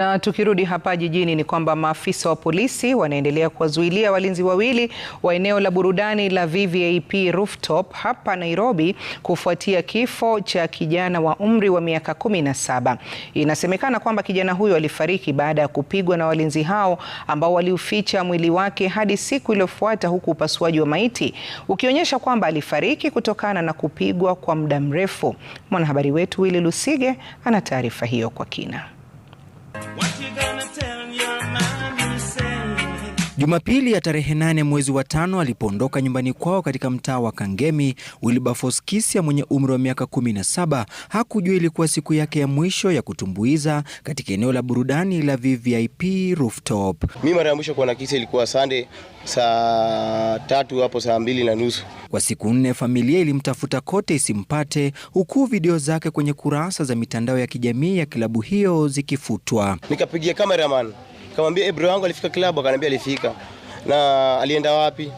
Na tukirudi hapa jijini ni kwamba maafisa wa polisi wanaendelea kuwazuilia walinzi wawili wa eneo la burudani la VVIP Rooftop hapa Nairobi kufuatia kifo cha kijana wa umri wa miaka kumi na saba. Inasemekana kwamba kijana huyo alifariki baada ya kupigwa na walinzi hao ambao waliuficha mwili wake hadi siku iliyofuata huku upasuaji wa maiti ukionyesha kwamba alifariki kutokana na kupigwa kwa muda mrefu. Mwanahabari wetu Willy Lusige ana taarifa hiyo kwa kina. What you gonna tell your man you say? Jumapili ya tarehe nane mwezi wa tano alipoondoka nyumbani kwao katika mtaa wa Kangemi, Wilberforce Kisia mwenye umri wa miaka 17 hakujua ilikuwa siku yake ya mwisho ya kutumbuiza katika eneo la burudani la VVIP rooftop. Mimi mara ya mwisho kuona Kisia ilikuwa Sunday saa tatu hapo saa mbili na nusu. Kwa siku nne familia ilimtafuta kote isimpate, huku video zake kwenye kurasa za mitandao ya kijamii ya kilabu hiyo zikifutwa. Nikapigia cameraman Kamwambia eh, bro wangu alifika club, akaniambia alifika. Na alienda wapi?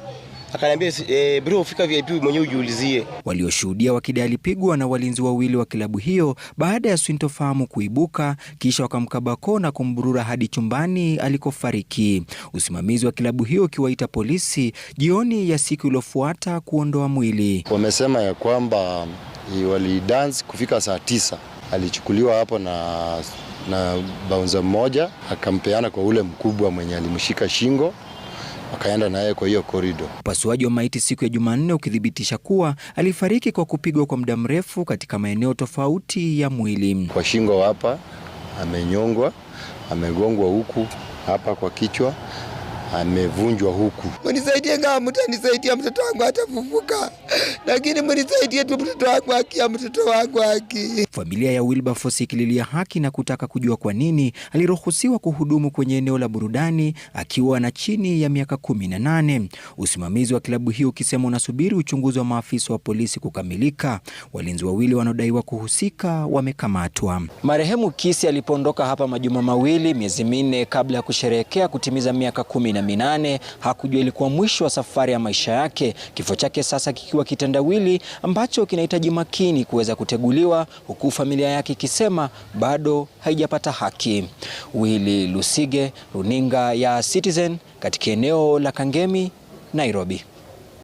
Akaniambia eh, bro ufika VIP mwenyewe ujiulizie. Walioshuhudia wakidai alipigwa na walinzi wawili wa klabu hiyo baada ya sintofahamu kuibuka, kisha wakamkaba koo na kumburura hadi chumbani alikofariki, usimamizi wa klabu hiyo ukiwaita polisi jioni ya siku iliyofuata kuondoa mwili. Wamesema ya kwamba eh, walidance kufika saa tisa, alichukuliwa hapo na na baunza mmoja akampeana kwa ule mkubwa mwenye alimshika shingo wakaenda naye kwa hiyo korido. Upasuaji wa maiti siku ya Jumanne ukithibitisha kuwa alifariki kwa kupigwa kwa muda mrefu katika maeneo tofauti ya mwili. Kwa shingo hapa amenyongwa, amegongwa huku hapa kwa kichwa amevunjwa huku. Mnisaidie kama mtanisaidia, mtoto wangu atafufuka, lakini mnisaidie tu, mtoto wangu ya mtoto wangu aki. Familia ya Wilberforce ikililia haki na kutaka kujua kwa nini aliruhusiwa kuhudumu kwenye eneo la burudani akiwa na chini ya miaka kumi na nane. Usimamizi wa klabu hiyo ukisema unasubiri uchunguzi wa maafisa wa polisi kukamilika. Walinzi wawili wanaodaiwa kuhusika wamekamatwa. Marehemu Kisi alipoondoka hapa majuma mawili, miezi minne kabla ya kusherehekea kutimiza miaka kumi na na minane. Hakujua ilikuwa mwisho wa safari ya maisha yake, kifo chake sasa kikiwa kitendawili ambacho kinahitaji makini kuweza kuteguliwa, huku familia yake ikisema bado haijapata haki. Willy Lusige, runinga ya Citizen katika eneo la Kangemi, Nairobi.